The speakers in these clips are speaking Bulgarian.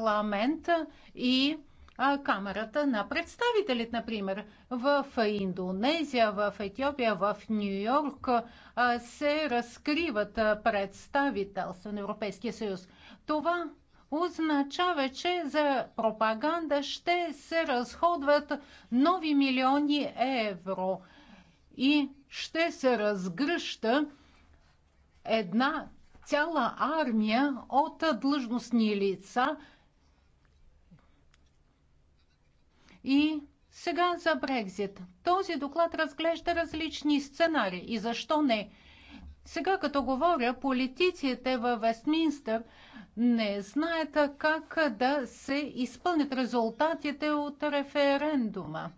парламент и Камерата на представителите, например, в Индонезия, в Етиопия, в Нью Йорк се разкриват представителства на Европейския съюз. Това означава, че за пропаганда ще се разходват нови милиони евро и ще се разгръща една цяла армия от длъжностни лица, И сега за Брекзит. Този доклад разглежда различни сценари и защо не. Сега като говоря, политиците във Вестминстър не знаят как да се изпълнят резултатите от референдума.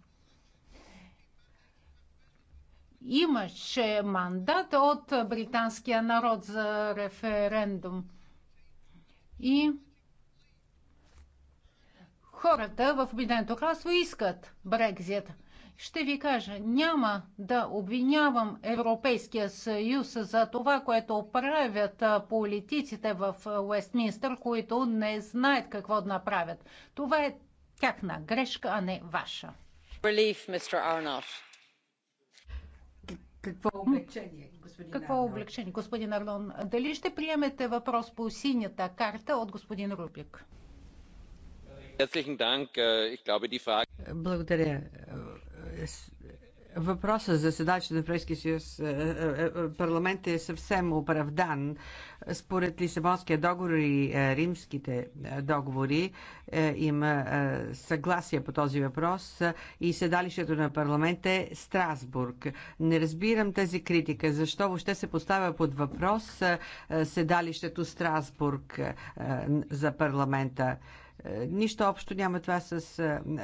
Имаше мандат от британския народ за референдум. И Хората в Обединеното кралство искат Брекзит. Ще ви кажа, няма да обвинявам Европейския съюз за това, което правят политиците в Уестминстър, които не знаят какво да направят. Това е тяхна грешка, а не ваша. Relief, какво облегчение, господин Какво Арнон? облегчение, господин Арнон? Дали ще приемете въпрос по синята карта от господин Рубик? Äh, Благодаря. Е, въпросът за седалище на Европейския съюз е, е, парламент е съвсем оправдан. Според Лисабонския договор и римските договори има съгласие по този въпрос и седалището на парламент е Страсбург. Не разбирам тази критика. Защо въобще се поставя под въпрос седалището Страсбург за парламента? Е, нищо общо няма това с... Е,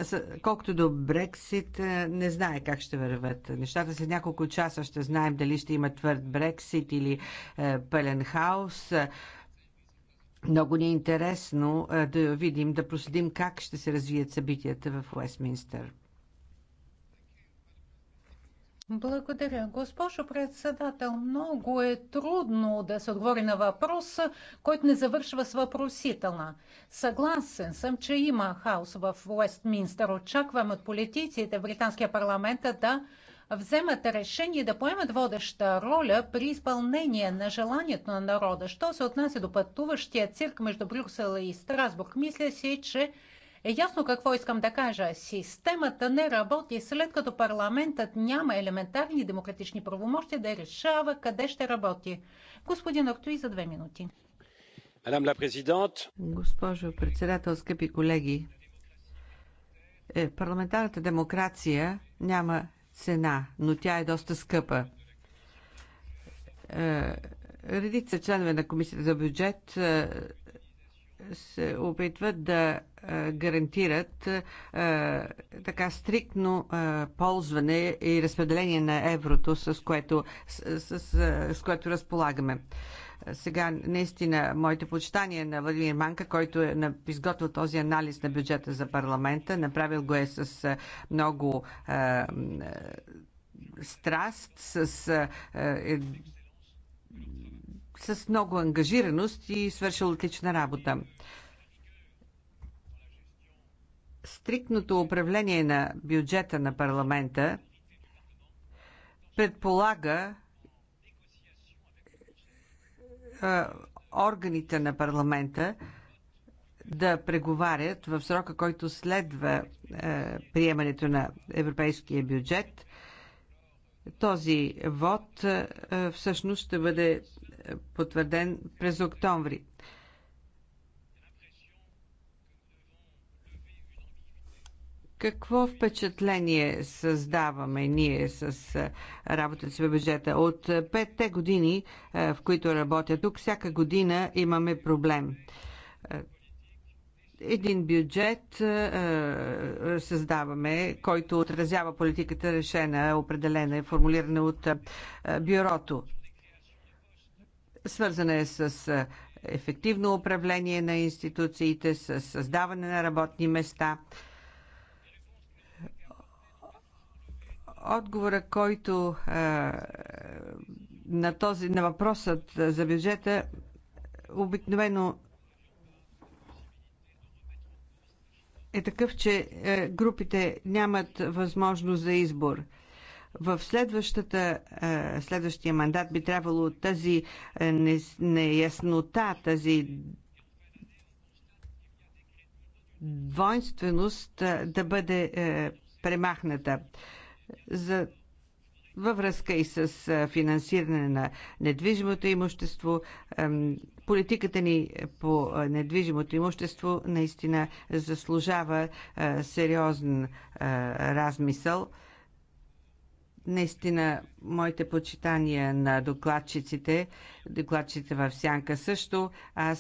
с... Колкото до Брексит, е, не знае как ще върват нещата. След няколко часа ще знаем дали ще има твърд Брексит или е, пълен хаос. Много ни е интересно е, да видим, да проследим как ще се развият събитията в Уестминстър. Благодаря. Госпожо председател, много е трудно да се отговори на въпрос, който не завършва с въпросителна. Съгласен съм, че има хаос в Уестминстър. Очаквам от политиците в Британския парламент да вземат решение да поемат водеща роля при изпълнение на желанието на народа. Що се отнася до пътуващия цирк между Брюксел и Страсбург, мисля си, че е ясно какво искам да кажа. Системата не работи след като парламентът няма елементарни демократични правомощи да решава къде ще работи. Господин Ортуи за две минути. Госпожо председател, скъпи колеги, е, парламентарната демокрация няма цена, но тя е доста скъпа. Е, редица членове на комисията за бюджет е, се опитват да гарантират така стриктно ползване и разпределение на еврото, с което, с, с, с което разполагаме. Сега, наистина, моите почитания на Владимир Манка, който е изготвил този анализ на бюджета за парламента, направил го е с много страст, с е, с много ангажираност и свършил отлична работа. Стриктното управление на бюджета на парламента предполага органите на парламента да преговарят в срока, който следва е, приемането на европейския бюджет. Този вод е, всъщност ще бъде потвърден през октомври. Какво впечатление създаваме ние с работата си в бюджета? От петте години, в които работя тук, всяка година имаме проблем един бюджет създаваме, който отразява политиката решена, определена и формулирана от бюрото. Свързана е с ефективно управление на институциите, с създаване на работни места. Отговора, който е, на този на въпросът за бюджета обикновено е такъв, че групите нямат възможност за избор. В следващата, е, следващия мандат би трябвало тази е, неяснота, тази двойственост е, да бъде премахната. За във връзка и с финансиране на недвижимото имущество. Политиката ни по недвижимото имущество наистина заслужава сериозен размисъл. Наистина, моите почитания на докладчиците, докладчиците в Сянка също, аз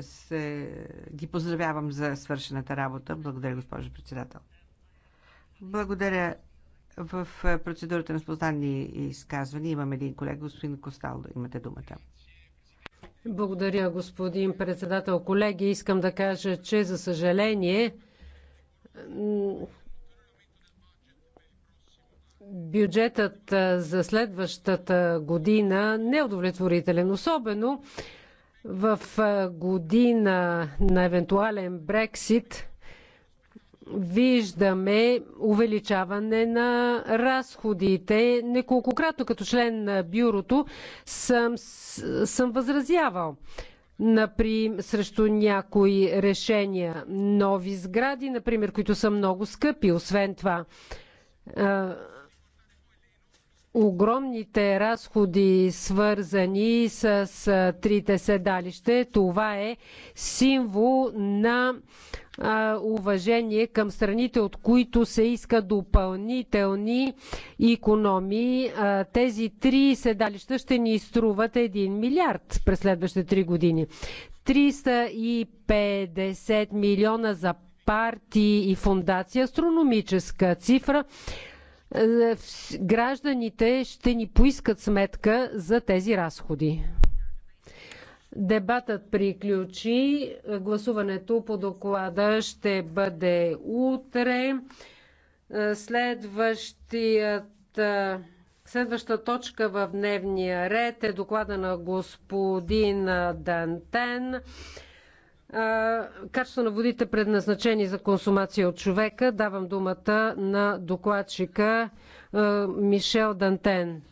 се, ги поздравявам за свършената работа. Благодаря, госпожо председател. Благодаря. В процедурата на спознани изказвания имам един колега, господин Косталдо. Имате думата. Благодаря, господин председател. Колеги, искам да кажа, че за съжаление бюджетът за следващата година не е удовлетворителен, особено в година на евентуален Брексит виждаме увеличаване на разходите. Неколкократно като член на бюрото съм, съм възразявал например, срещу някои решения. Нови сгради, например, които са много скъпи. Освен това, огромните разходи, свързани с трите седалище. Това е символ на уважение към страните, от които се иска допълнителни економии. Тези три седалища ще ни струват 1 милиард през следващите три години. 350 милиона за партии и фундация, астрономическа цифра. Е, гражданите ще ни поискат сметка за тези разходи. Дебатът приключи. Гласуването по доклада ще бъде утре. Е, следващият, е, следваща точка в дневния ред е доклада на господин Дантен качество на водите, предназначени за консумация от човека. Давам думата на докладчика Мишел Дантен.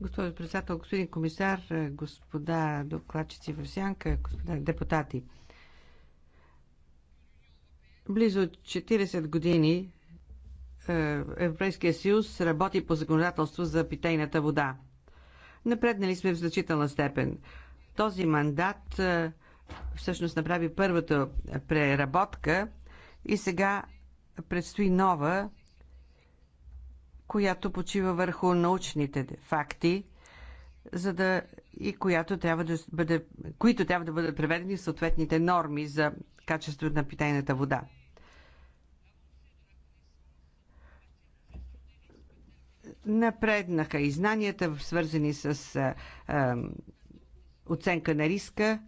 Господин председател, господин комисар, господа докладчици в сянка, господа депутати. Близо 40 години Европейския съюз работи по законодателство за питейната вода. Напреднали сме в значителна степен. Този мандат всъщност направи първата преработка и сега предстои нова, която почива върху научните факти, за да и която трябва да бъде, които трябва да бъдат преведени в съответните норми за качеството на питейната вода. Напреднаха и знанията, свързани с а, а, оценка на риска,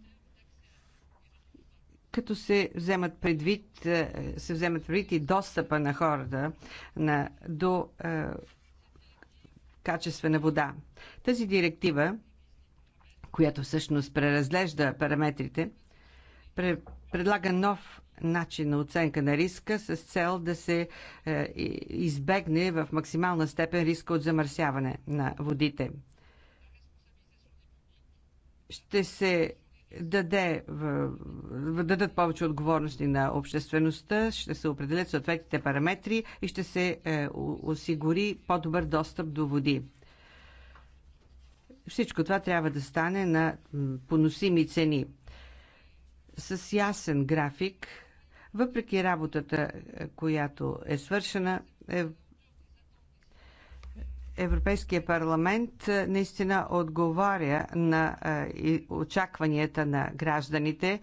като се вземат предвид, е, се вземат предвид и достъпа на хората на, до е, качествена вода. Тази директива, която всъщност преразглежда параметрите, пре, предлага нов начин на оценка на риска с цел да се е, избегне в максимална степен риска от замърсяване на водите. Ще се даде, дадат повече отговорности на обществеността, ще се определят съответните параметри и ще се е, осигури по-добър достъп до води. Всичко това трябва да стане на поносими цени. С ясен график, въпреки работата, е, която е свършена, е. Европейския парламент е, наистина отговаря на е, очакванията на гражданите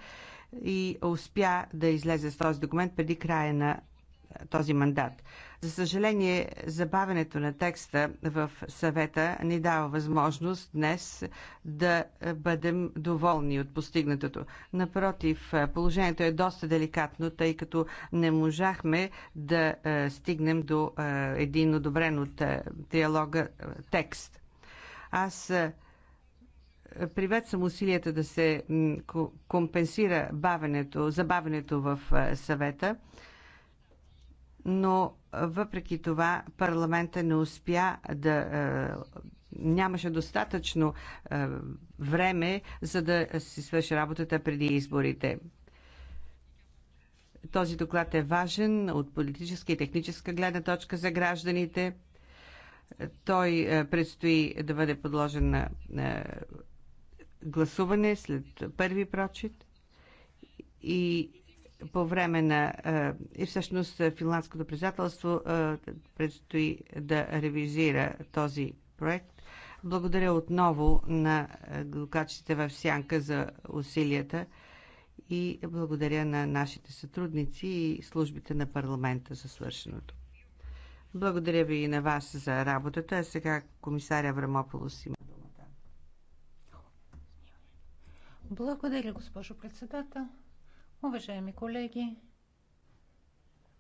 и успя да излезе с този документ преди края на е, този мандат. За съжаление, забавенето на текста в съвета ни дава възможност днес да бъдем доволни от постигнатото. Напротив, положението е доста деликатно, тъй като не можахме да е, стигнем до е, един одобрен от е, триалога текст. Аз приветствам усилията да се компенсира бавенето, забавенето в съвета но въпреки това парламента не успя да. нямаше достатъчно време, за да си свърши работата преди изборите. Този доклад е важен от политическа и техническа гледна точка за гражданите. Той предстои да бъде подложен на гласуване след първи прочит и по време на... И всъщност финландското председателство предстои да ревизира този проект. Благодаря отново на докачите в Сянка за усилията и благодаря на нашите сътрудници и службите на парламента за свършеното. Благодаря ви и на вас за работата. А сега комисаря Врамополос има думата. Благодаря, госпожо председател. Уважаеми колеги,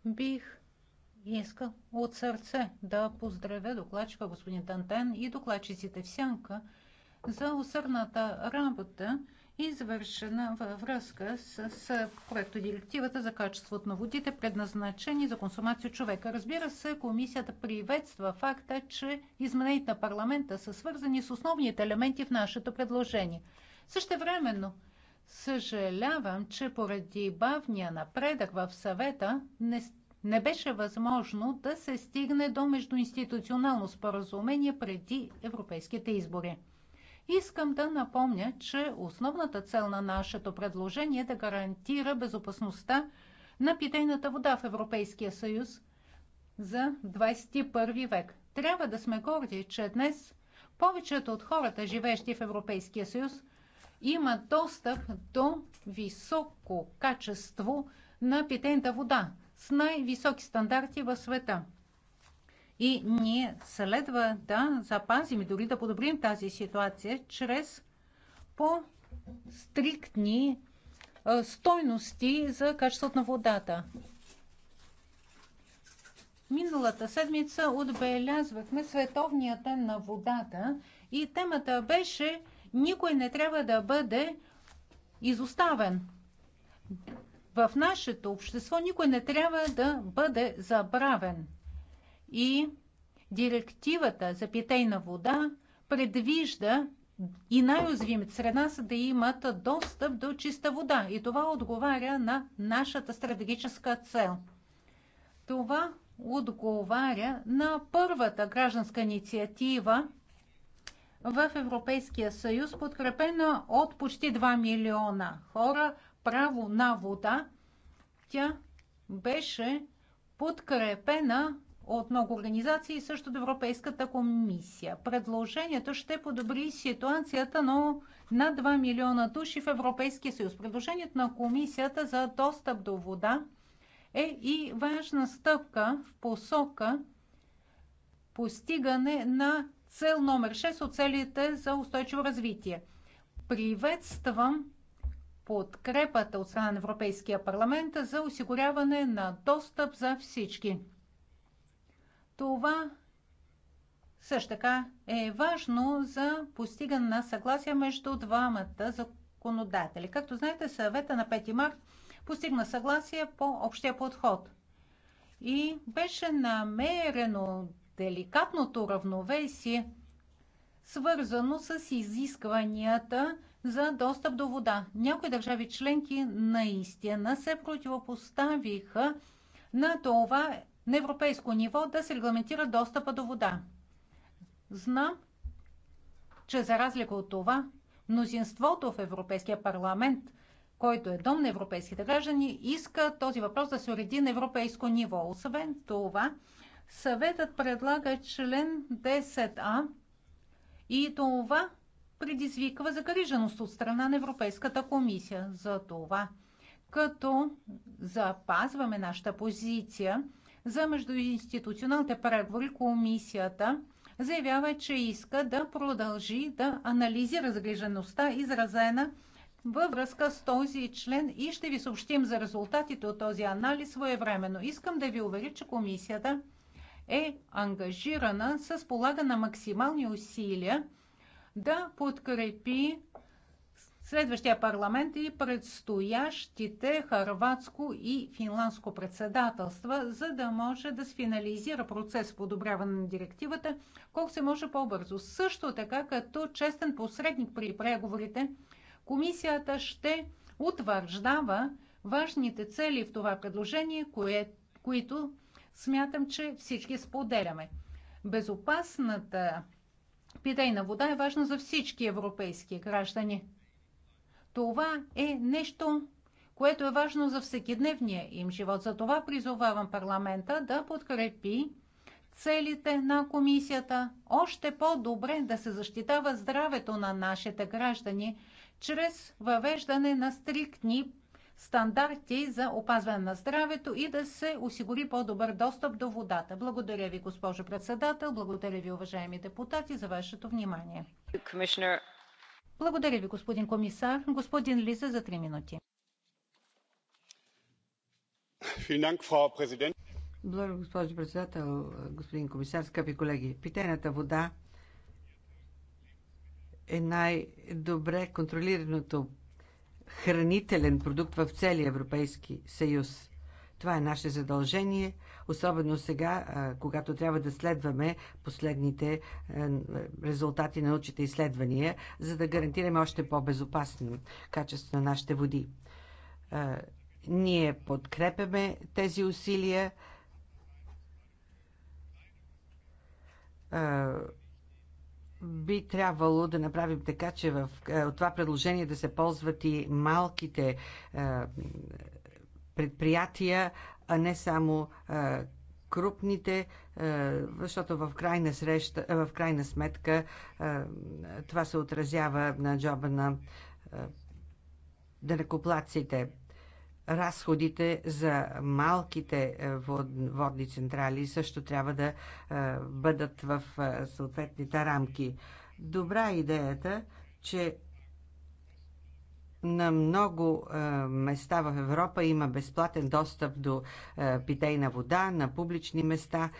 бих искал от сърце да поздравя докладчика господин Тантен и докладчиците в Сянка за усърната работа, извършена във връзка с, с проекто Директивата за качеството на водите, предназначени за консумация от човека. Разбира се, комисията приветства факта, че измененията на парламента са свързани с основните елементи в нашето предложение. Същевременно, времено, Съжалявам, че поради бавния напредък в съвета не, не беше възможно да се стигне до междуинституционално споразумение преди европейските избори. Искам да напомня, че основната цел на нашето предложение е да гарантира безопасността на питейната вода в Европейския съюз за 21 век. Трябва да сме горди, че днес повечето от хората, живеещи в Европейския съюз, има достъп до високо качество на питейната вода с най-високи стандарти в света. И ние следва да запазим и дори да подобрим тази ситуация чрез по-стриктни стойности за качеството на водата. Миналата седмица отбелязвахме Световния ден на водата и темата беше никой не трябва да бъде изоставен. В нашето общество никой не трябва да бъде забравен. И директивата за питейна вода предвижда и най-уязвимите сред нас да имат достъп до чиста вода. И това отговаря на нашата стратегическа цел. Това отговаря на първата гражданска инициатива, в Европейския съюз, подкрепена от почти 2 милиона хора, право на вода. Тя беше подкрепена от много организации и също от Европейската комисия. Предложението ще подобри ситуацията на 2 милиона души в Европейския съюз. Предложението на комисията за достъп до вода е и важна стъпка в посока постигане на цел номер 6 от целите за устойчиво развитие. Приветствам подкрепата от страна на Европейския парламент за осигуряване на достъп за всички. Това също така е важно за постигане на съгласие между двамата законодатели. Както знаете, съвета на 5 март постигна съгласие по общия подход. И беше намерено деликатното равновесие, свързано с изискванията за достъп до вода. Някои държави членки наистина се противопоставиха на това на европейско ниво да се регламентира достъпа до вода. Знам, че за разлика от това, мнозинството в Европейския парламент, който е дом на европейските граждани, иска този въпрос да се уреди на европейско ниво. Освен това, Съветът предлага член 10а и това предизвиква загриженост от страна на Европейската комисия. За това, като запазваме нашата позиция за междуинституционалните преговори, комисията заявява, че иска да продължи да анализира загрижеността, изразена във връзка с този член и ще ви съобщим за резултатите от този анализ своевременно. Искам да ви уверя, че комисията е ангажирана с полага на максимални усилия да подкрепи следващия парламент и предстоящите харватско и финландско председателства, за да може да сфинализира процес подобряване на директивата колко се може по-бързо. Също така, като честен посредник при преговорите, комисията ще утвърждава важните цели в това предложение, кое, които смятам, че всички споделяме. Безопасната питейна вода е важна за всички европейски граждани. Това е нещо, което е важно за всекидневния им живот. Затова призовавам парламента да подкрепи целите на комисията, още по-добре да се защитава здравето на нашите граждани чрез въвеждане на стриктни стандарти за опазване на здравето и да се осигури по-добър достъп до водата. Благодаря ви, госпожо председател. Благодаря ви, уважаеми депутати, за вашето внимание. Благодаря ви, господин комисар. Господин Лиза за три минути. Благодаря, госпожо председател, господин комисар, скъпи колеги. Питената вода е най-добре контролираното хранителен продукт в целия Европейски съюз. Това е наше задължение, особено сега, когато трябва да следваме последните резултати на научните изследвания, за да гарантираме още по-безопасно качество на нашите води. Ние подкрепяме тези усилия би трябвало да направим така, че в е, това предложение да се ползват и малките е, предприятия, а не само е, крупните, защото в крайна, среща, в крайна сметка това се отразява на джоба на Да разходите за малките е, водни централи също трябва да е, бъдат в е, съответните рамки. Добра идеята, че на много места в Европа има безплатен достъп до питейна вода, на публични места,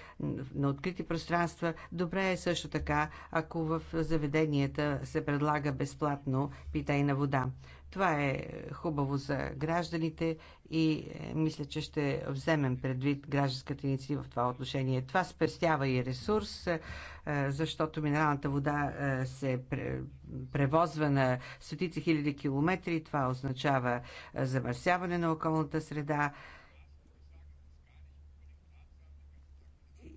на открити пространства. Добре е също така, ако в заведенията се предлага безплатно питейна вода. Това е хубаво за гражданите и е, мисля, че ще вземем предвид гражданската инициатива в това отношение. Това спестява и ресурс, е, защото минералната вода е, се превозва на стотици хиляди километри. Това означава замърсяване на околната среда,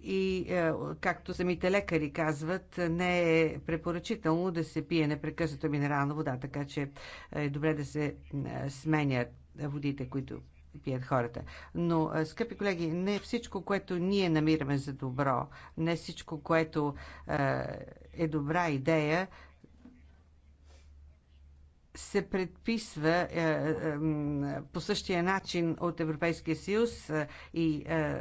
и, е, както самите лекари казват, не е препоръчително да се пие непрекъснато минерална вода, така че е добре да се е, сменят водите, които пият хората. Но, е, скъпи колеги, не всичко, което ние намираме за добро, не всичко, което е добра идея, се предписва е, е, по същия начин от Европейския съюз е, и е,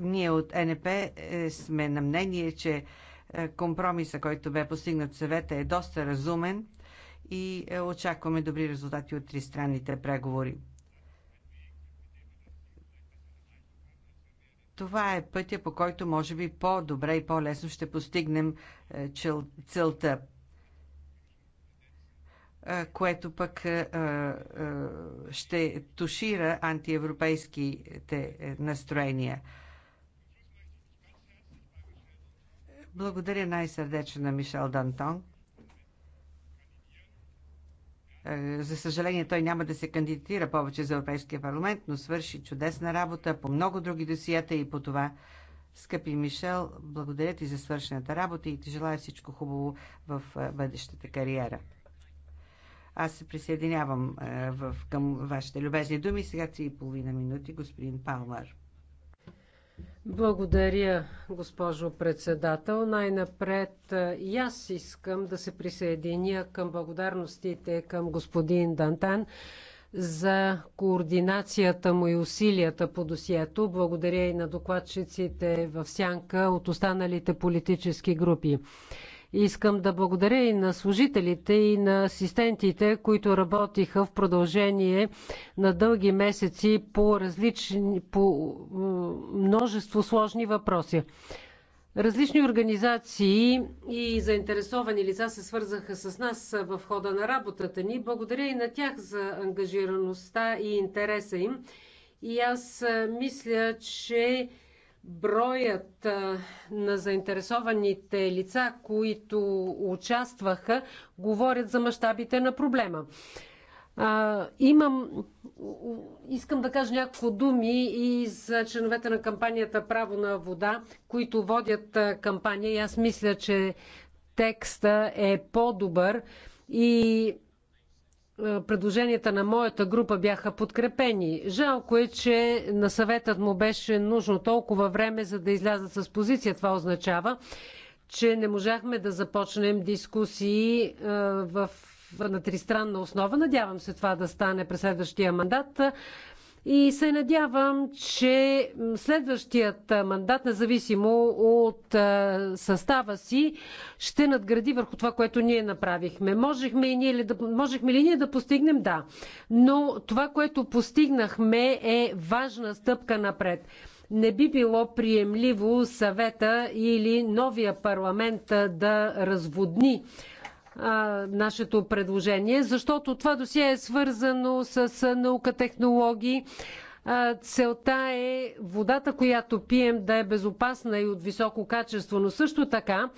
ние от НП е, сме на мнение, че е, компромиса, който бе постигнат в съвета е доста разумен и е, очакваме добри резултати от тристранните преговори. Това е пътя, по който може би по-добре и по-лесно ще постигнем целта, което пък ще тушира антиевропейските настроения. Благодаря най-сърдечно на Мишел Дантон. Е, за съжаление, той няма да се кандидатира повече за Европейския парламент, но свърши чудесна работа по много други досията и по това. Скъпи Мишел, благодаря ти за свършената работа и ти желая всичко хубаво в е, бъдещата кариера. Аз се присъединявам е, към вашите любезни думи. Сега 3,5 минути, господин Палмар. Благодаря, госпожо председател. Най-напред и аз искам да се присъединя към благодарностите към господин Дантан за координацията му и усилията по досието. Благодаря и на докладчиците в сянка от останалите политически групи. Искам да благодаря и на служителите и на асистентите, които работиха в продължение на дълги месеци по, различни, по е, множество сложни въпроси. Различни организации и заинтересовани лица се свързаха с нас в хода на работата ни. Благодаря и на тях за ангажираността и интереса им. И аз е, мисля, че броят на заинтересованите лица, които участваха, говорят за мащабите на проблема. А, имам. Искам да кажа няколко думи и за членовете на кампанията Право на вода, които водят кампания. И аз мисля, че текста е по-добър и е, предложенията на моята група бяха подкрепени. Жалко е, че на съветът му беше нужно толкова време, за да излязат с позиция. Това означава, че не можахме да започнем дискусии е, в на тристранна основа. Надявам се това да стане през следващия мандат. И се надявам, че следващият мандат, независимо от състава си, ще надгради върху това, което ние направихме. Можехме, и ние ли да, можехме ли ние да постигнем? Да. Но това, което постигнахме е важна стъпка напред не би било приемливо съвета или новия парламент да разводни а, нашето предложение, защото това досие е свързано с наука, технологии. Целта е водата, която пием, да е безопасна и от високо качество, но също така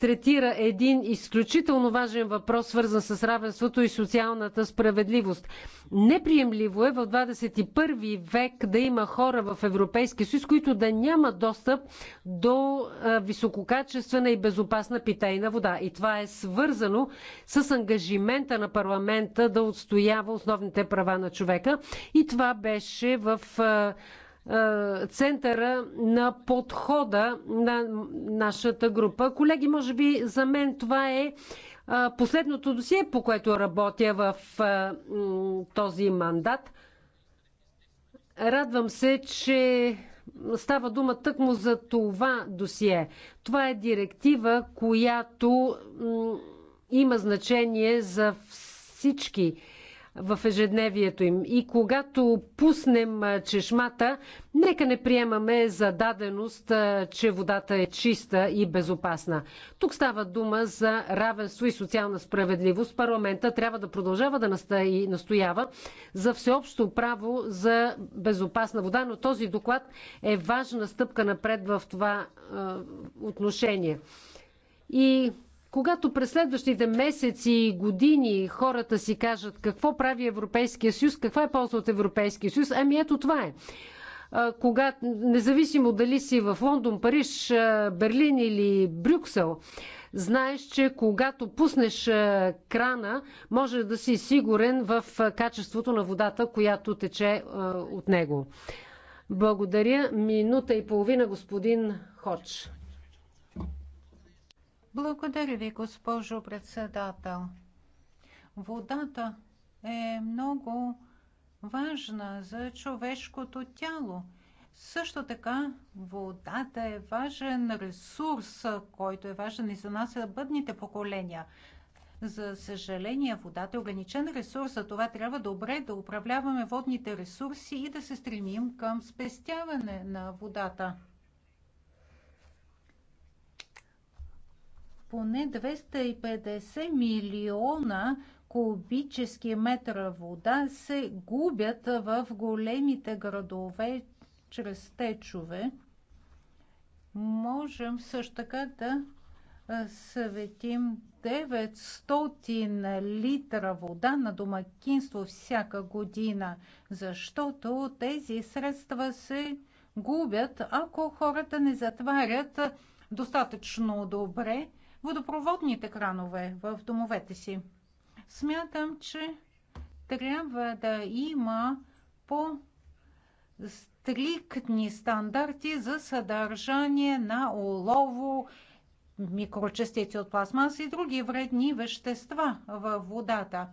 третира един изключително важен въпрос, свързан с равенството и социалната справедливост. Неприемливо е в 21 век да има хора в Европейския съюз, които да нямат достъп до висококачествена и безопасна питейна вода. И това е свързано с ангажимента на парламента да отстоява основните права на човека. И това беше в е, центъра на подхода на нашата група. Колеги, може би за мен това е, е последното досие, по което работя в е, този мандат. Радвам се, че става дума тъкмо за това досие. Това е директива, която има значение за всички в ежедневието им. И когато пуснем чешмата, нека не приемаме за даденост, че водата е чиста и безопасна. Тук става дума за равенство и социална справедливост. Парламента трябва да продължава да настоява за всеобщо право за безопасна вода, но този доклад е важна стъпка напред в това отношение. И когато през следващите месеци и години хората си кажат какво прави Европейския съюз, каква е полза от Европейския съюз, ами ето това е. Кога, независимо дали си в Лондон, Париж, Берлин или Брюксел, знаеш, че когато пуснеш крана, може да си сигурен в качеството на водата, която тече от него. Благодаря. Минута и половина, господин Ходж. Благодаря ви, госпожо председател. Водата е много важна за човешкото тяло. Също така водата е важен ресурс, който е важен и за нас и за бъдните поколения. За съжаление, водата е ограничен ресурс, за това трябва добре да управляваме водните ресурси и да се стремим към спестяване на водата. поне 250 милиона кубически метра вода се губят в големите градове чрез течове. Можем също така да съветим 900 литра вода на домакинство всяка година, защото тези средства се губят, ако хората не затварят достатъчно добре водопроводните кранове в домовете си. Смятам, че трябва да има по стриктни стандарти за съдържание на олово, микрочастици от пластмас и други вредни вещества във водата.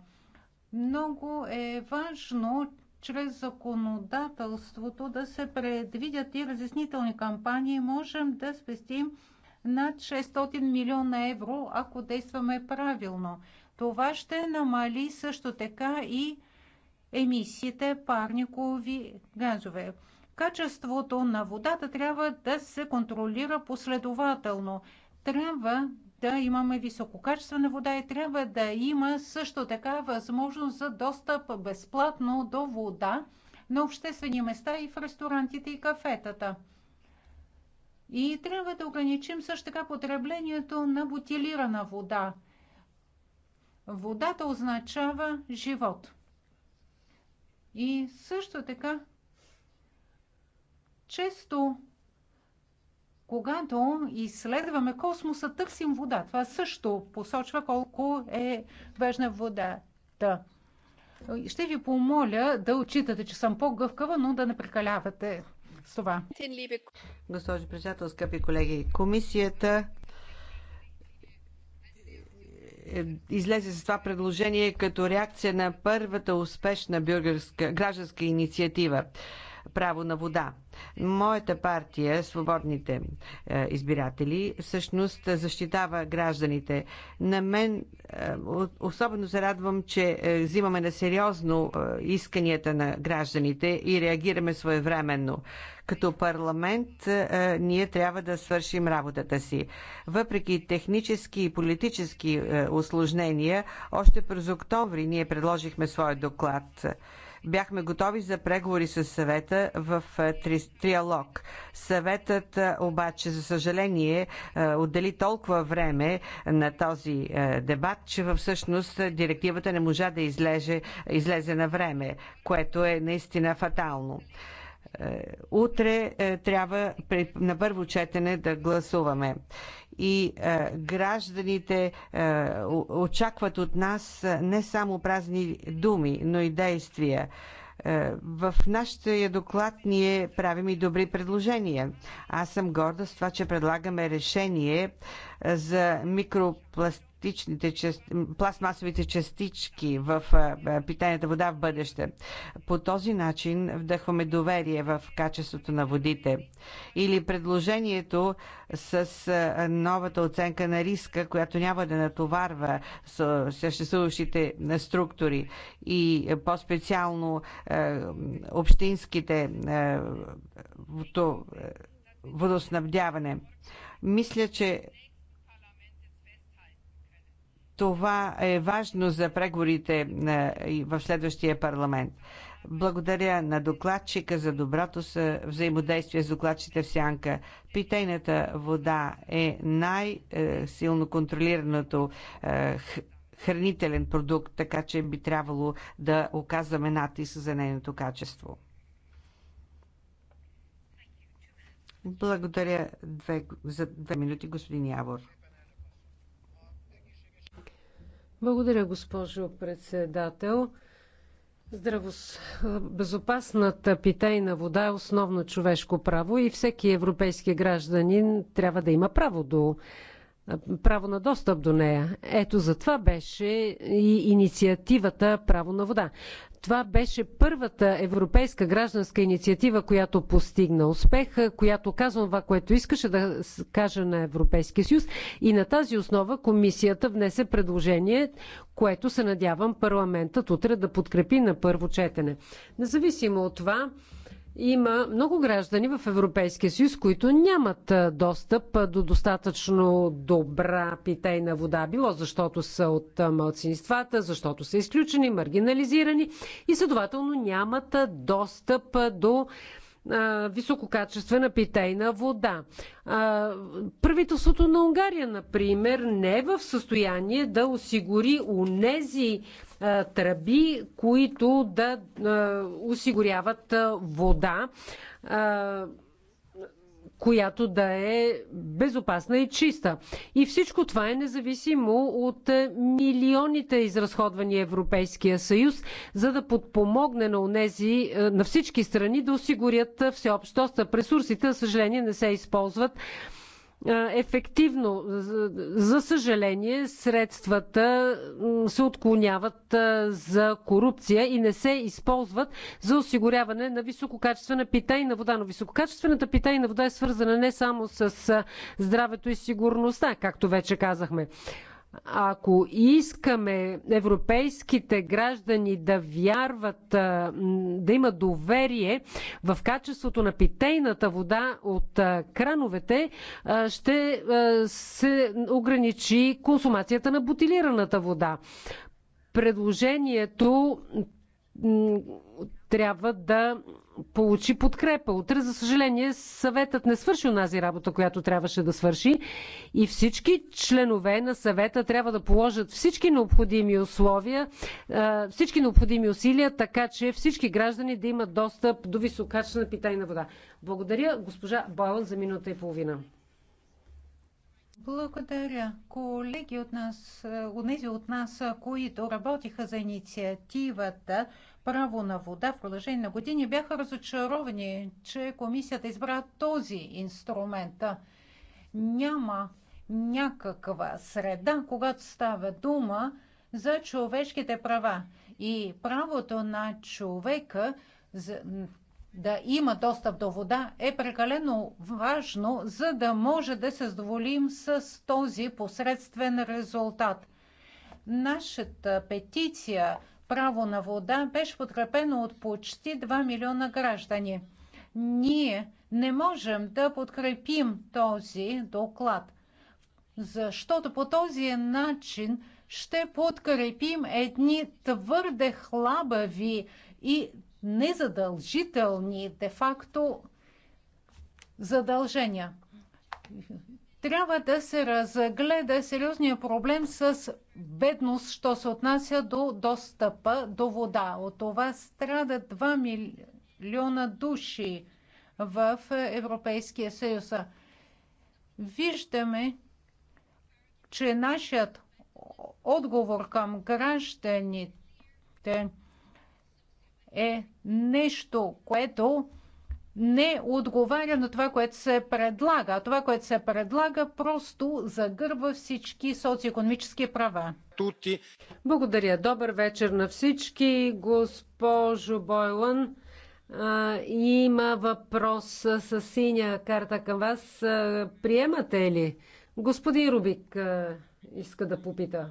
Много е важно чрез законодателството да се предвидят и разяснителни кампании. Можем да спестим над 600 милиона евро, ако действаме правилно. Това ще намали също така и емисиите парникови газове. Качеството на водата трябва да се контролира последователно. Трябва да имаме висококачествена вода и трябва да има също така възможност за достъп безплатно до вода на обществени места и в ресторантите и кафетата. И трябва да ограничим също така потреблението на бутилирана вода. Водата означава живот. И също така, често, когато изследваме космоса, търсим вода. Това също посочва колко е важна водата. Ще ви помоля да отчитате, че съм по-гъвкава, но да не прекалявате с това. Госпожо председател, скъпи колеги, комисията е, излезе с това предложение като реакция на първата успешна бюргерска гражданска инициатива право на вода. Моята партия, Свободните е, избиратели, всъщност защитава гражданите. На мен е, особено се радвам, че е, взимаме на сериозно исканията на гражданите и реагираме своевременно. Като парламент ние трябва да свършим работата си. Въпреки технически и политически осложнения, още през октомври ние предложихме своя доклад бяхме готови за преговори с съвета в е, три, триалог. Съветът е, обаче, за съжаление, е, отдели толкова време на този дебат, че всъщност директивата не можа да излезе, излезе на време, което е наистина фатално. Утре трябва на първо четене да гласуваме и е, гражданите е, очакват от нас е, не само празни думи, но и действия. Е, в нашия доклад ние правим и добри предложения. Аз съм горда с това, че предлагаме решение е, за микропласт пластичните, пластмасовите частички в питайната вода в бъдеще. По този начин вдъхваме доверие в качеството на водите. Или предложението с новата оценка на риска, която няма да натоварва съществуващите структури и по-специално общинските водоснабдяване. Мисля, че това е важно за преговорите е, в следващия парламент. Благодаря на докладчика за доброто са взаимодействие с докладчите в Сянка. Питейната вода е най-силно контролираното е, хранителен продукт, така че би трябвало да оказваме натиск за нейното качество. Благодаря две, за две минути, господин Явор. Благодаря, госпожо председател. Здравос... Безопасната питейна вода е основно човешко право и всеки европейски гражданин трябва да има право до право на достъп до нея. Ето за това беше и инициативата Право на вода. Това беше първата европейска гражданска инициатива, която постигна успех, която казва това, което искаше да каже на Европейския съюз. И на тази основа комисията внесе предложение, което се надявам парламентът утре да подкрепи на първо четене. Независимо от това, има много граждани в Европейския съюз, които нямат достъп до достатъчно добра питейна вода, било защото са от малцинствата, защото са изключени, маргинализирани и следователно нямат достъп до висококачествена питейна вода. Правителството на Унгария, например, не е в състояние да осигури унези е, тръби, които да е, осигуряват е, вода, която да е безопасна и чиста. И всичко това е независимо от милионите изразходвани Европейския съюз, за да подпомогне на, унези, на всички страни да осигурят всеобщ достъп. Ресурсите, за съжаление, не се използват ефективно. За съжаление, средствата се отклоняват за корупция и не се използват за осигуряване на висококачествена питейна вода. Но висококачествената питейна вода е свързана не само с здравето и сигурността, както вече казахме. Ако искаме европейските граждани да вярват, да имат доверие в качеството на питейната вода от крановете, ще се ограничи консумацията на бутилираната вода. Предложението трябва да получи подкрепа. Утре, за съжаление, съветът не свърши онази работа, която трябваше да свърши и всички членове на съвета трябва да положат всички необходими условия, е, всички необходими усилия, така че всички граждани да имат достъп до висококачествена питайна вода. Благодаря, госпожа Бойлан, за минута и половина. Благодаря. Колеги от нас, е, от от нас, е, които работиха за инициативата право на вода в продължение на години бяха разочаровани, че комисията избра този инструмент. Няма някаква среда, когато става дума за човешките права и правото на човека да има достъп до вода е прекалено важно, за да може да се задоволим с този посредствен резултат. Нашата петиция право на вода беше подкрепено от почти 2 милиона граждани. Ние не можем да подкрепим този доклад, защото по този начин ще подкрепим едни твърде хлабави и незадължителни де-факто задължения трябва да се разгледа сериозния проблем с бедност, що се отнася до достъпа до вода. От това страдат 2 милиона души в Европейския съюз. Виждаме, че нашият отговор към гражданите е нещо, което не отговаря на това, което се предлага. А това, което се предлага, просто загърва всички социо-економически права. Тути. Благодаря. Добър вечер на всички. Госпожо Бойлан, а, има въпрос с синя карта към вас. А, приемате ли? Господин Рубик а, иска да попита.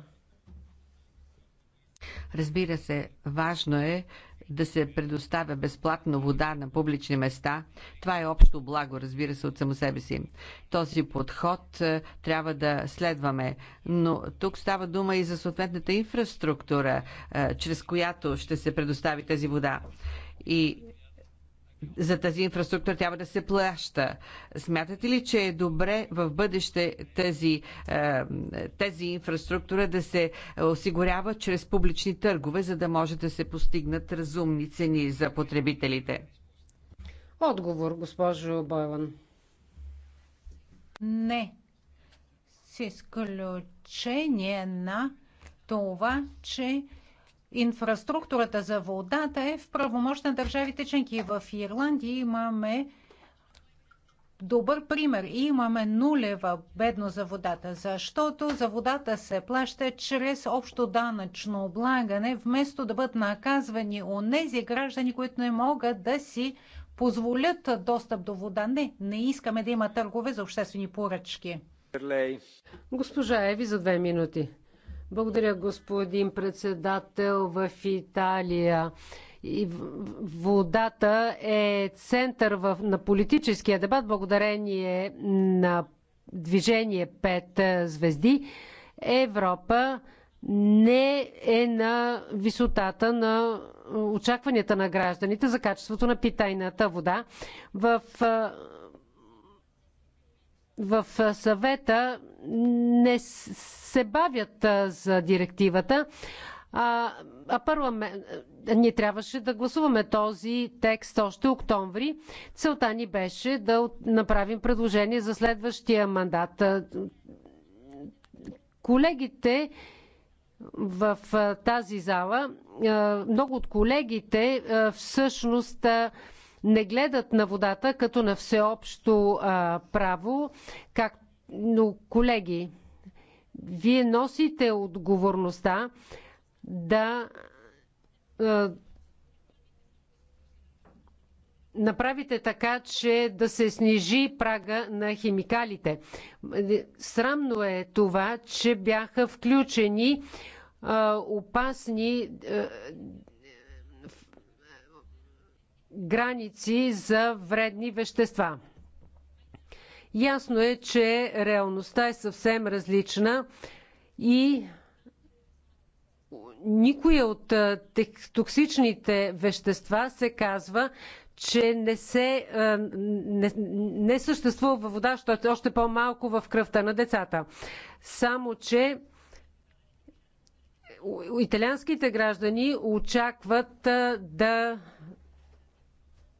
Разбира се, важно е да се предоставя безплатно вода на публични места, това е общо благо, разбира се, от само себе си. Този подход е, трябва да следваме, но тук става дума и за съответната инфраструктура, е, чрез която ще се предостави тази вода. И за тази инфраструктура трябва да се плаща. Смятате ли, че е добре в бъдеще тази, е, тази инфраструктура да се осигурява чрез публични търгове, за да може да се постигнат разумни цени за потребителите? Отговор, госпожо Бойван. Не. С изключение на това, че инфраструктурата за водата е в правомощ на държавите членки. В Ирландия имаме добър пример имаме нулева бедност за водата, защото за водата се плаща чрез общо данъчно облагане, вместо да бъдат наказвани онези граждани, които не могат да си позволят достъп до вода. Не, не искаме да има търгове за обществени поръчки. Госпожа Еви за две минути. Благодаря, господин председател в Италия. И водата е център в, на политическия дебат благодарение на движение 5 е, звезди. Европа не е на висотата на очакванията на гражданите за качеството на питайната вода. В е, в съвета не се бавят за директивата, а, а първо Ние трябваше да гласуваме този текст още октомври. Целта ни беше да направим предложение за следващия мандат. Колегите в тази зала, много от колегите всъщност не гледат на водата като на всеобщо а, право. Как... Но, колеги, вие носите отговорността да а, направите така, че да се снижи прага на химикалите. Срамно е това, че бяха включени а, опасни. А, граници за вредни вещества. Ясно е, че реалността е съвсем различна и никоя от токсичните вещества се казва, че не, се, не, не съществува във вода, защото е още по-малко в кръвта на децата. Само, че италианските граждани очакват да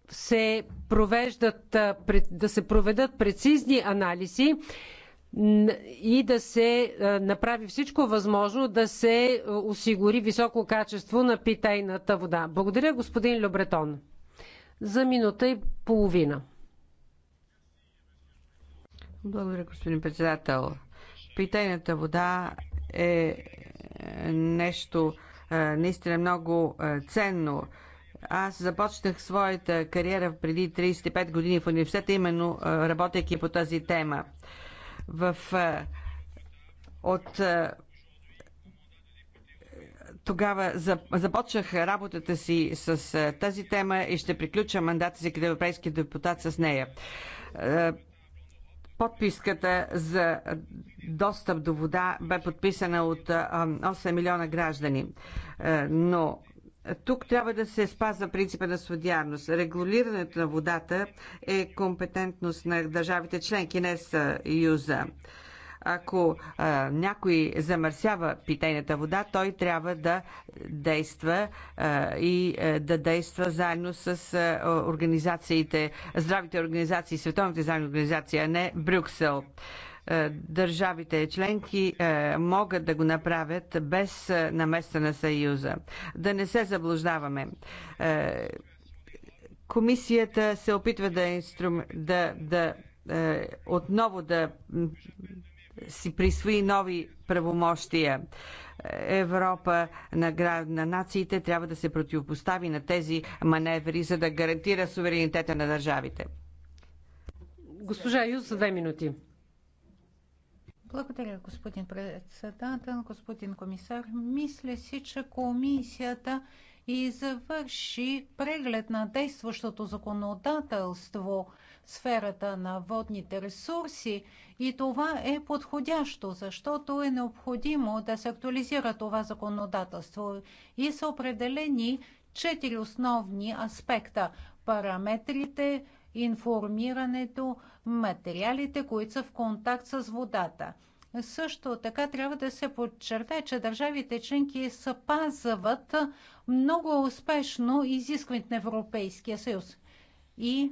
се провеждат, да се проведат прецизни анализи и да се направи всичко възможно да се осигури високо качество на питейната вода. Благодаря, господин Любретон, за минута и половина. Благодаря, господин председател. Питейната вода е, е нещо е, наистина много е, ценно аз започнах своята кариера преди 35 години в университета, именно работейки по тази тема. В, от тогава започнах работата си с тази тема и ще приключа мандата си като европейски депутат с нея. Подписката за достъп до вода бе подписана от 8 милиона граждани, но тук трябва да се спазва принципа на судяност. Регулирането на водата е компетентност на държавите членки, не Съюза. Ако а, някой замърсява питейната вода, той трябва да действа а, и а, е, да действа заедно с а, организациите, здравите организации, световните здравни организации, а не Брюксел. Е, държавите членки е, могат да го направят без е, наместа на Съюза. Да не се заблуждаваме. Комисията се опитва да, инструм... да, да отново да си присвои нови правомощия. Европа на, град, на нациите трябва да се противопостави на тези маневри, за да гарантира суверенитета на държавите. Госпожа Юз, за две минути. Благодаря, господин председател, господин комисар. Мисля си, че комисията и завърши преглед на действащото законодателство в сферата на водните ресурси и това е подходящо, защото е необходимо да се актуализира това законодателство и са определени четири основни аспекта. Параметрите, информирането, материалите, които са в контакт с водата. Също така трябва да се подчертае, че държавите членки съпазват много успешно изискването на Европейския съюз. И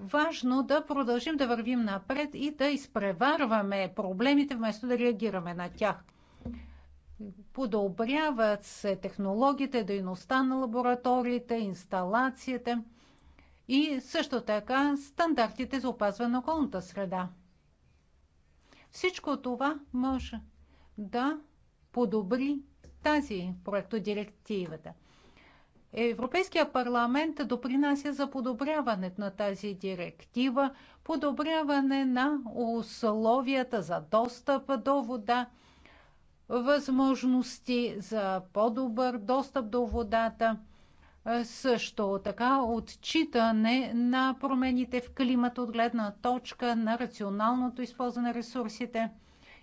важно да продължим да вървим напред и да изпреварваме проблемите, вместо да реагираме на тях. Подобряват се технологиите, дейността на лабораториите, инсталацията – и също така стандартите за опазване на околната среда. Всичко това може да подобри тази проектодирективата. Европейския парламент допринася за подобряването на тази директива, подобряване на условията за достъп до вода, възможности за по-добър достъп до водата – е, също така отчитане на промените в климата от гледна точка на рационалното използване на ресурсите.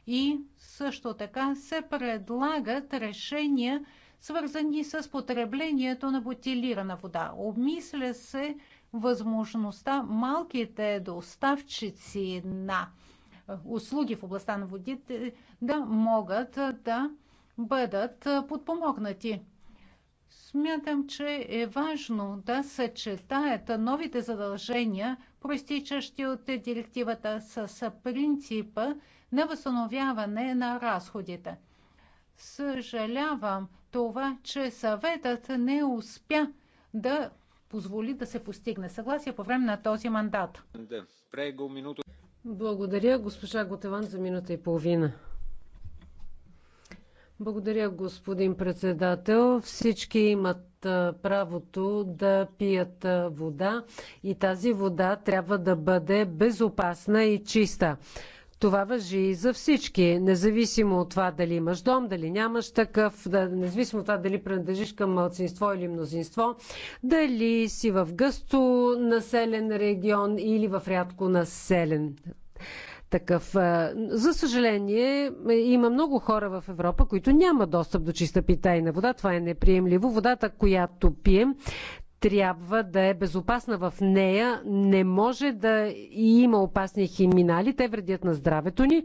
И също така се предлагат решения, свързани с потреблението на бутилирана вода. Обмисля се възможността малките доставчици на е, услуги в областта на водите да могат е, да бъдат подпомогнати. Смятам, че е важно да съчетаят новите задължения, проистичащи от директивата с принципа на възстановяване на разходите. Съжалявам това, че съветът не успя да позволи да се постигне съгласие по време на този мандат. Благодаря, госпожа Готеван, за минута и половина. Благодаря, господин председател. Всички имат правото да пият вода и тази вода трябва да бъде безопасна и чиста. Това въжи и за всички, независимо от това дали имаш дом, дали нямаш такъв, да, независимо от това дали принадлежиш към мълцинство или мнозинство, дали си в гъсто населен регион или в рядко населен такъв. За съжаление, е, има много хора в Европа, които няма достъп до чиста питайна вода. Това е неприемливо. Водата, която пием, трябва да е безопасна в нея. Не може да има опасни химинали. Те вредят на здравето ни.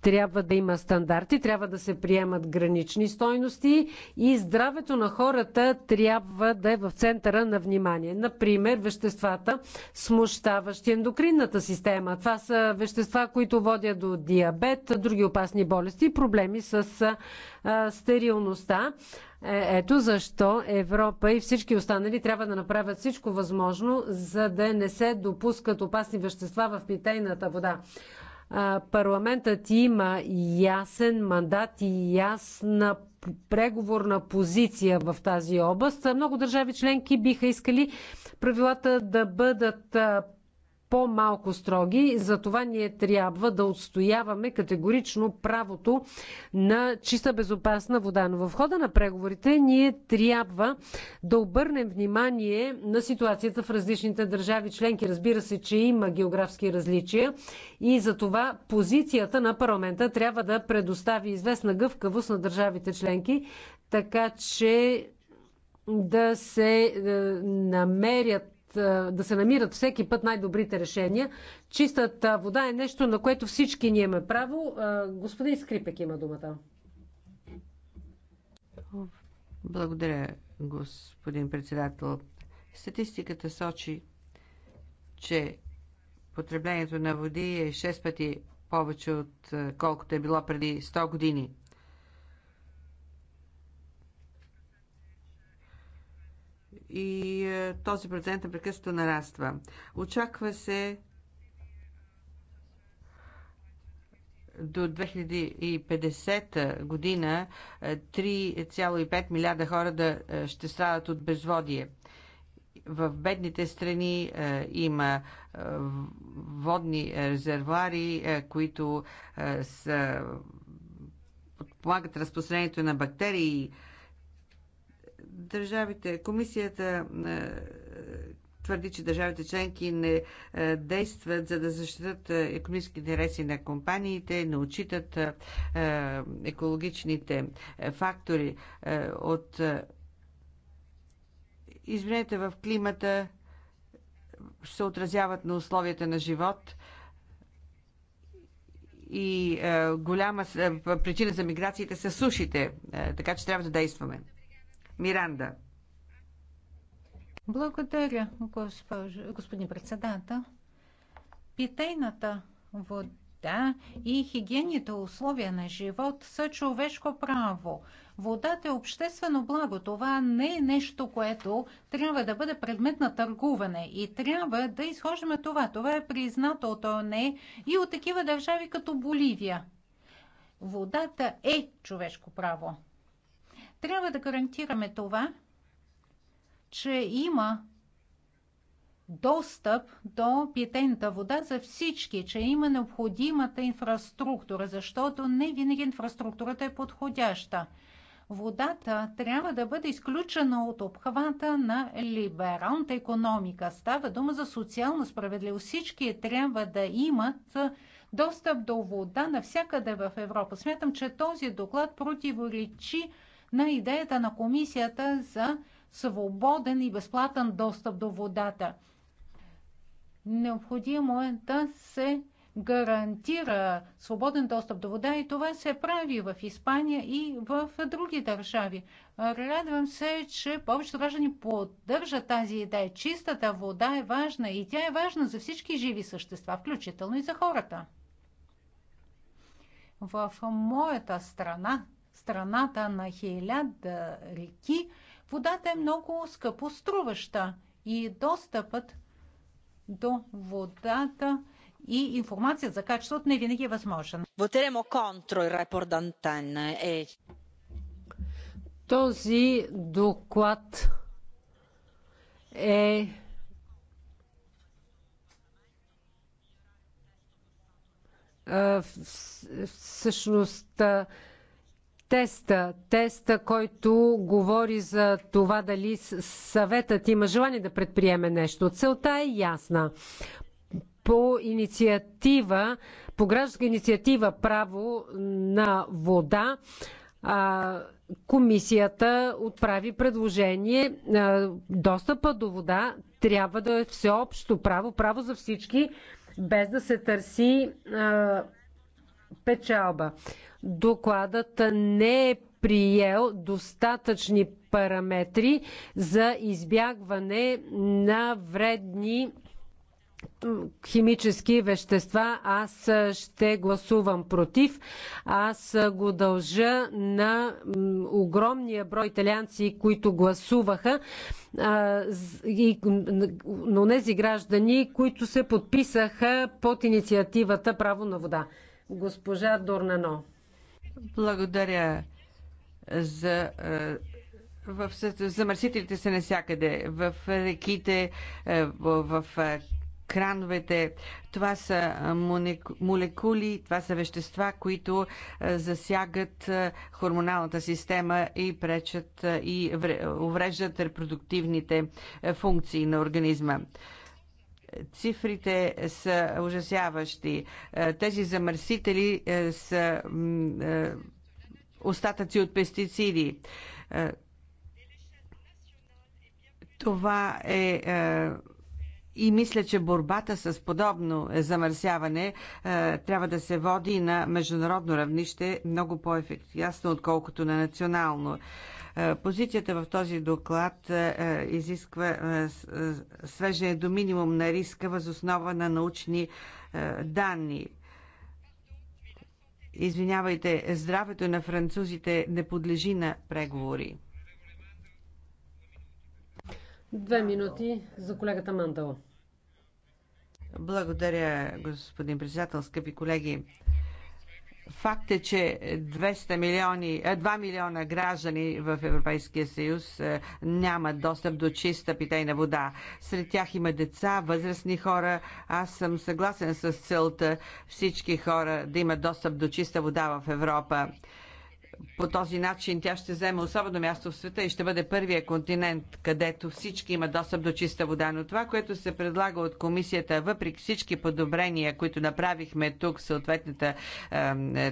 Трябва да има стандарти, трябва да се приемат гранични стойности и здравето на хората трябва да е в центъра на внимание. Например, веществата, смущаващи ендокринната система. Това са вещества, които водят до диабет, други опасни болести и проблеми с стерилността. Е, ето защо Европа и всички останали трябва да направят всичко възможно, за да не се допускат опасни вещества в питейната вода парламентът има ясен мандат и ясна преговорна позиция в тази област. Много държави членки биха искали правилата да бъдат по-малко строги. Затова ние трябва да отстояваме категорично правото на чиста безопасна вода. Но в хода на преговорите ние трябва да обърнем внимание на ситуацията в различните държави членки. Разбира се, че има географски различия и затова позицията на парламента трябва да предостави известна гъвкавост на държавите членки, така че да се е, намерят е, да се намират всеки път най-добрите решения. Чистата вода е нещо, на което всички ние имаме право. Е, господин Скрипек има думата. Благодаря, господин председател. Статистиката сочи, че потреблението на води е 6 пъти повече от е, колкото е било преди 100 години. и е, този процент непрекъснато нараства. Очаква се до 2050 година 3,5 е, милиарда хора да е, ще страдат от безводие. В бедните страни има водни резервуари, които са, подпомагат разпространението на бактерии, Държавите, комисията е, твърди, че държавите членки не е, действат за да защитат е, економически интереси на компаниите, не отчитат екологичните фактори от измененията в климата се отразяват на условията на живот и голяма причина за миграциите са сушите, така че трябва да действаме. Миранда. Благодаря, госпож... господин председател. Питейната вода и хигиените условия на живот са човешко право. Водата е обществено благо. Това не е нещо, което трябва да бъде предмет на търгуване. И трябва да изхождаме това. Това е признато от ОНЕ и от такива държави като Боливия. Водата е човешко право. Трябва да гарантираме това, че има достъп до питената вода за всички, че има необходимата инфраструктура, защото не винаги инфраструктурата е подходяща. Водата трябва да бъде изключена от обхвата на либералната економика. Става дума за социална справедливост. Всички трябва да имат достъп до вода навсякъде в Европа. Смятам, че този доклад противоречи на идеята на комисията за свободен и безплатен достъп до водата. Необходимо е да се гарантира свободен достъп до вода и това се прави в Испания и в други държави. Радвам се, че повечето граждани поддържат тази идея. Чистата вода е важна и тя е важна за всички живи същества, включително и за хората. В моята страна, страната на хиляда реки, водата е много скъпо струваща и достъпът до водата и информация за качеството не винаги е възможен. Вотеремо контро и report d'antenne e Този доклад е всъщност теста, теста, който говори за това дали съветът има желание да предприеме нещо. Целта е ясна. По инициатива, по гражданска инициатива право на вода, комисията отправи предложение достъпа до вода трябва да е всеобщо право, право за всички, без да се търси печалба. Докладът не е приел достатъчни параметри за избягване на вредни химически вещества. Аз ще гласувам против. Аз го дължа на огромния брой италианци, които гласуваха и на тези граждани, които се подписаха под инициативата Право на вода. Госпожа Дорнано. Благодаря за е, в, замърсителите са навсякъде, в реките, е, в, в е, крановете. Това са молекули, това са вещества, които засягат хормоналната система и пречат и увреждат репродуктивните функции на организма. Цифрите са ужасяващи. Е, тези замърсители е, са е, остатъци от пестициди. Това е и мисля, че борбата с подобно замърсяване трябва да се води на международно равнище много по-ефективно, отколкото на национално. Е, позицията в този доклад е, е, изисква свеждане до минимум на риска възоснова на научни данни. Извинявайте, здравето на французите не подлежи на преговори. Две минути за колегата Мандал. Благодаря, господин председател, скъпи колеги. Факт е, че 200 милиони, 2 е, милиона граждани в Европейския съюз е, нямат достъп до чиста питейна вода. Сред тях има деца, възрастни хора. Аз съм съгласен с целта всички хора да имат достъп до чиста вода в Европа по този начин тя ще вземе особено място в света и ще бъде първия континент, където всички имат достъп до чиста вода. Но това, което се предлага от комисията, въпреки всички подобрения, които направихме тук, съответната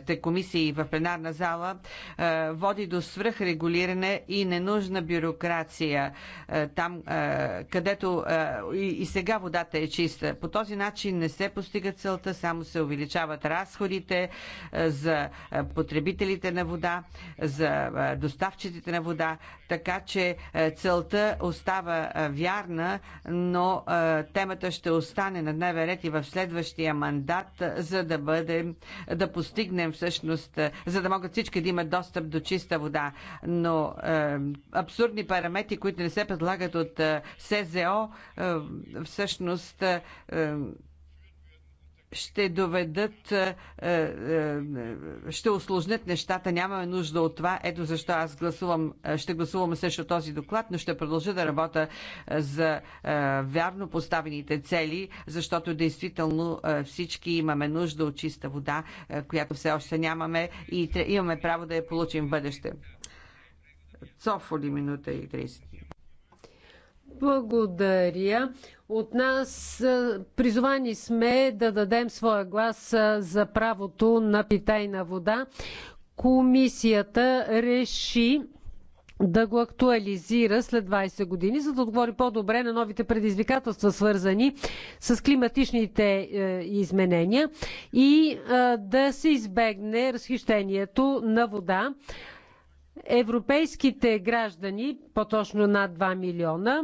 те комисии в пленарна зала, е, води до свръхрегулиране и ненужна бюрокрация. Е, там, е, където и сега водата е чиста. По този начин не се постига целта, само се увеличават разходите за потребителите на вода вода, за доставчиците на вода, така че целта остава вярна, но темата ще остане на дневен ред и в следващия мандат, за да бъдем, да постигнем всъщност, за да могат всички да имат достъп до чиста вода. Но абсурдни параметри, които не се предлагат от СЗО, всъщност ще доведат, е, е, е, ще осложнят нещата. Нямаме нужда от това. Ето защо аз гласувам, ще гласувам също този доклад, но ще продължа да работя за вярно поставените цели, защото действително всички имаме нужда от чиста вода, която все още нямаме и имаме право да я получим в бъдеще. Цофоли минута и 30. Благодаря. От нас призовани сме да дадем своя глас за правото на питайна вода. Комисията реши да го актуализира след 20 години, за да отговори по-добре на новите предизвикателства, свързани с климатичните е, изменения и да се избегне разхищението на вода Европейските граждани, по-точно над 2 милиона,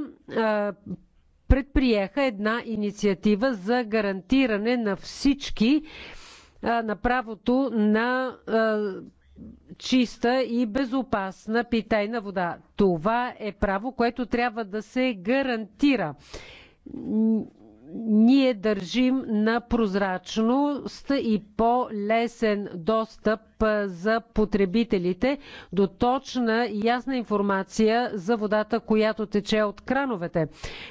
предприеха една инициатива за гарантиране на всички на правото на чиста и безопасна питейна вода. Това е право, което трябва да се гарантира ние държим на прозрачност и по-лесен достъп за потребителите до точна и ясна информация за водата, която тече от крановете.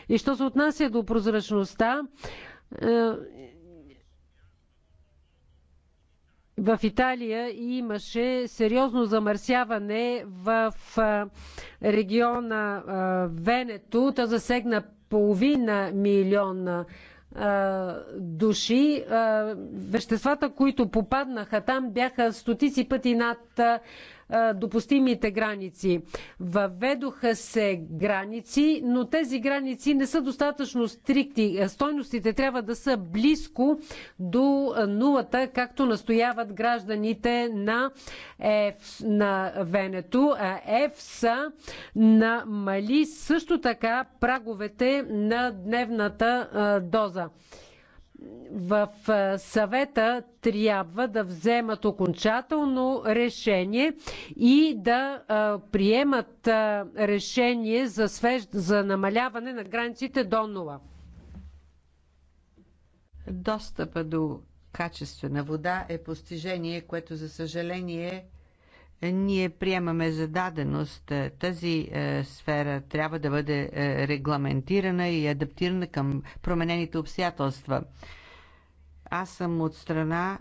И що се отнася до прозрачността, в Италия имаше сериозно замърсяване в региона Венето. Та засегна половина милион души. Веществата, които попаднаха там, бяха стотици пъти над допустимите граници. Въведоха се граници, но тези граници не са достатъчно стрикти. Стойностите трябва да са близко до нулата, както настояват гражданите на, ЕФ, на Венето. А ЕФСА на Мали също така праговете на дневната доза в съвета трябва да вземат окончателно решение и да приемат решение за, свеж... за намаляване на границите до нула. Достъпа до качествена вода е постижение, което за съжаление ние приемаме за даденост. Тази е, сфера трябва да бъде е, регламентирана и адаптирана към променените обстоятелства. Аз съм от страна,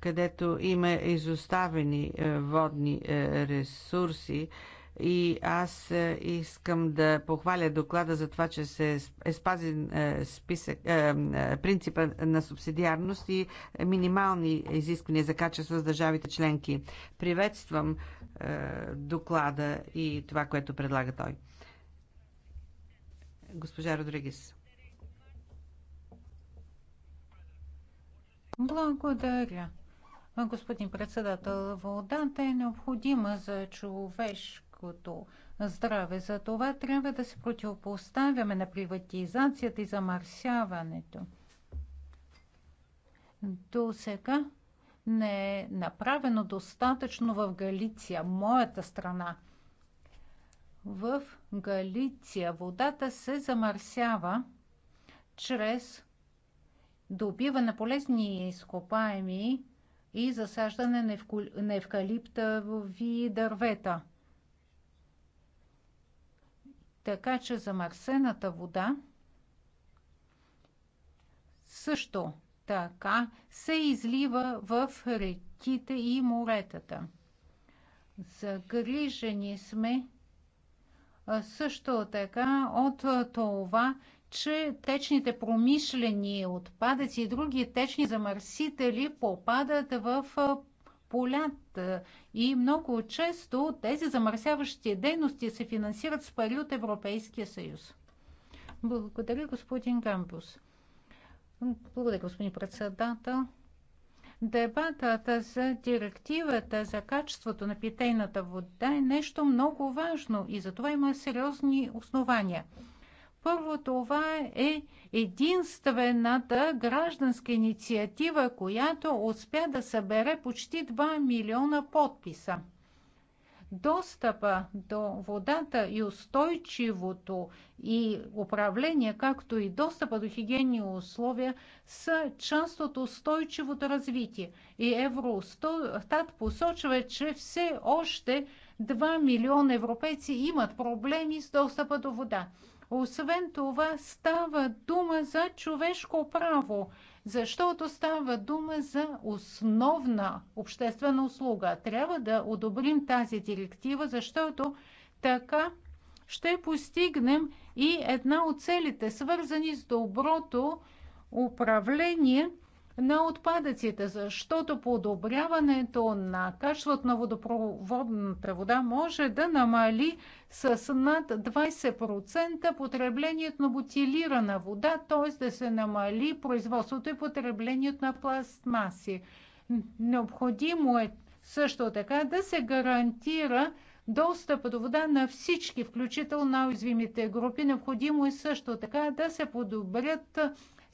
където има изоставени е, водни е, ресурси. Е, и аз е, искам да похваля доклада за това, че се е, е спазен е, списък, принципа на субсидиарност и минимални изисквания за качество с държавите членки. Приветствам доклада и това, което предлага той. Госпожа Родригес. Благодаря. Господин председател, водата е необходима за човешко човешкото здраве. За това трябва да се противопоставяме на приватизацията и замърсяването. До сега не е направено достатъчно в Галиция, моята страна. В Галиция водата се замърсява чрез добива на полезни изкопаеми и засаждане на евкалиптови дървета – така че замърсената вода също така се излива в реките и моретата. Загрижени сме също така от това, че течните промишлени отпадъци и други течни замърсители попадат в полята и много често тези замърсяващи дейности се финансират с пари от Европейския съюз. Благодаря, господин Гамбус. Благодаря, господин председател. Дебатът за директивата за качеството на питейната вода е нещо много важно и за това има сериозни основания. Първо, това е единствената гражданска инициатива, която успя да събере почти 2 милиона подписа. Достъпа до водата и устойчивото и управление, както и достъпа до хигиенни условия са част от устойчивото развитие. И Евростат посочва, че все още 2 милиона европейци имат проблеми с достъпа до вода. Освен това става дума за човешко право, защото става дума за основна обществена услуга. Трябва да одобрим тази директива, защото така ще постигнем и една от целите, свързани с доброто управление – на отпадъците, защото подобряването на качеството на водопроводната вода може да намали с над 20% потреблението на бутилирана вода, т.е. да се намали производството и потреблението на пластмаси. Необходимо е също така да се гарантира достъп до вода на всички, включително на уязвимите групи. Необходимо е също така да се подобрят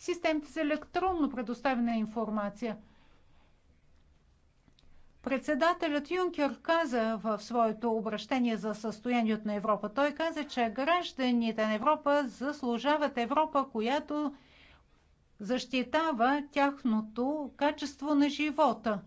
системите за електронно предоставяне на информация. Председателят Юнкер каза в своето обращение за състоянието на Европа. Той каза, че гражданите на Европа заслужават Европа, която защитава тяхното качество на живота.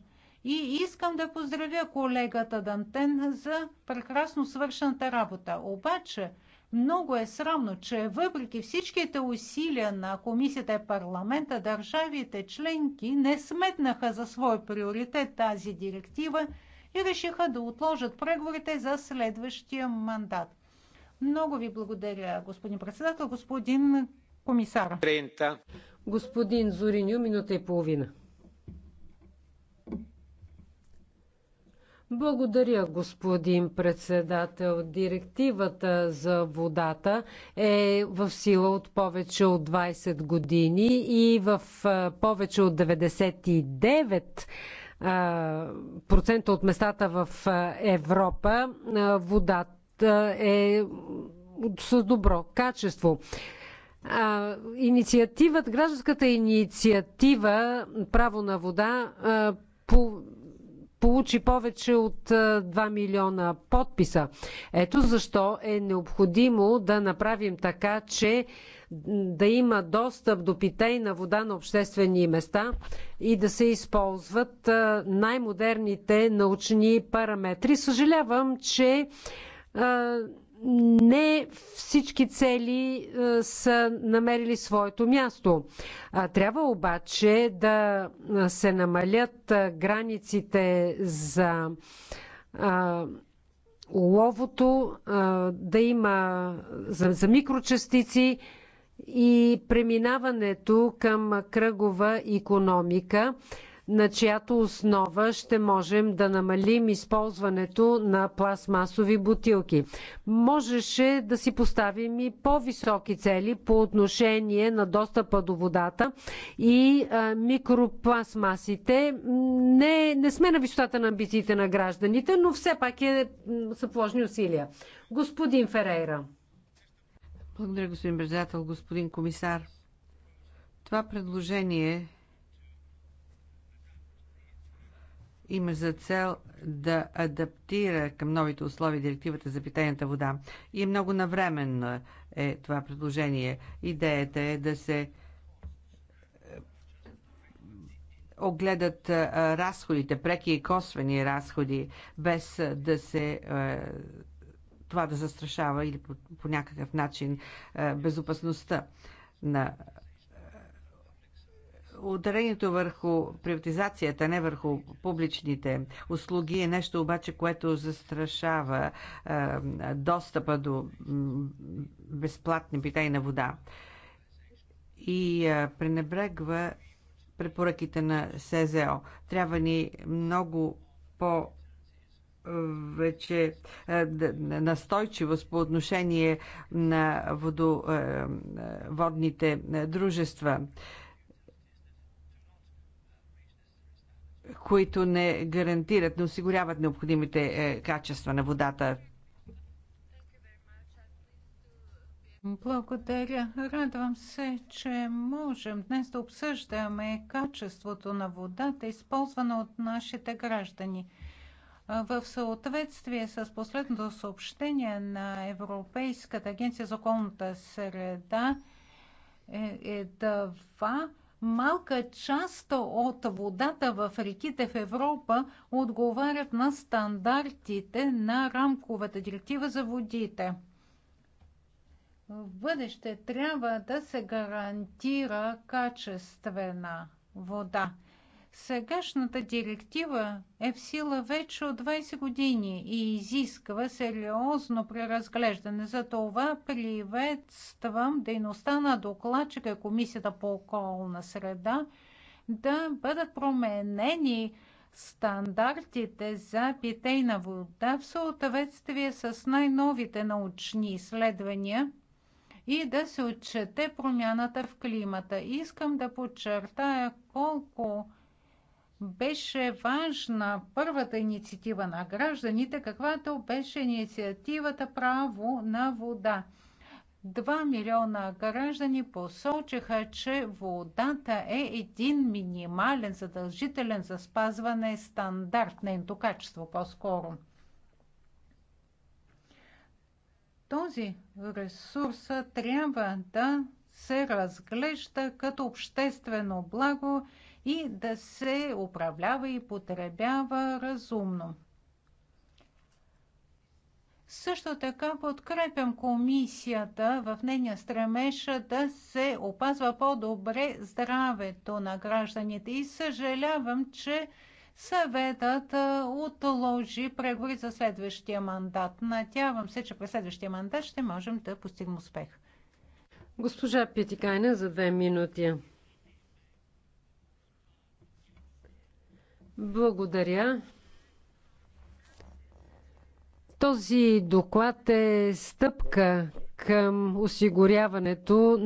И искам да поздравя колегата Дантен за прекрасно свършената работа. Обаче, много е срамно, че въпреки всичките усилия на комисията и парламента, държавите членки не сметнаха за свой приоритет тази директива и решиха да отложат преговорите за следващия мандат. Много ви благодаря, господин председател, господин комисар. 30. Господин Зориню, минута и половина. Благодаря, господин председател. Директивата за водата е в сила от повече от 20 години и в повече от 99 процента от местата в Европа водата е с добро качество. Инициативата, инициативът, гражданската инициатива Право на вода получи повече от 2 милиона подписа. Ето защо е необходимо да направим така, че да има достъп до питейна вода на обществени места и да се използват най-модерните научни параметри. Съжалявам, че не всички цели е, са намерили своето място. Трябва обаче да е, се намалят е, границите за ловото, да има за, микрочастици и преминаването към кръгова економика на чиято основа ще можем да намалим използването на пластмасови бутилки. Можеше да си поставим и по-високи цели по отношение на достъпа до водата и микропластмасите. Не, не сме на висотата на амбициите на гражданите, но все пак е, са положени усилия. Господин Ферейра. Благодаря, господин председател, господин комисар. Това предложение има за цел да адаптира към новите условия директивата за питейната вода. И е много навременно е това предложение. Идеята е да се е, огледат е, разходите, преки и косвени разходи, без да се е, това да застрашава или по, по някакъв начин безопасността на ударението върху приватизацията, не върху публичните услуги е нещо обаче, което застрашава е, достъпа до безплатни питейна вода и е, пренебрегва препоръките на СЗО. Трябва ни много по- е, вече настойчивост по отношение на водоводните дружества. които не гарантират, не осигуряват необходимите е, качества на водата. Благодаря. Радвам се, че можем днес да обсъждаме качеството на водата, използвана от нашите граждани. В съответствие с последното съобщение на Европейската агенция за околната среда, едва е малка част от водата в реките в Европа отговарят на стандартите на рамковата директива за водите. В бъдеще трябва да се гарантира качествена вода. Сегашната директива е в сила вече от 20 години и изисква сериозно преразглеждане. За това приветствам дейността на докладчика Комисията по околна среда да бъдат променени стандартите за питейна вода в съответствие с най-новите научни изследвания и да се отчете промяната в климата. Искам да подчертая колко беше важна първата инициатива на гражданите, каквато беше инициативата право на вода. 2 милиона граждани посочиха, че водата е един минимален, задължителен за спазване стандарт, на качество по-скоро. Този ресурс трябва да се разглежда като обществено благо и да се управлява и потребява разумно. Също така подкрепям комисията в нейния стремеж да се опазва по-добре здравето на гражданите и съжалявам, че съветът отложи преговори за следващия мандат. Надявам се, че през следващия мандат ще можем да постигнем успех. Госпожа Петикайна за две минути. Благодаря. Този доклад е стъпка към осигуряването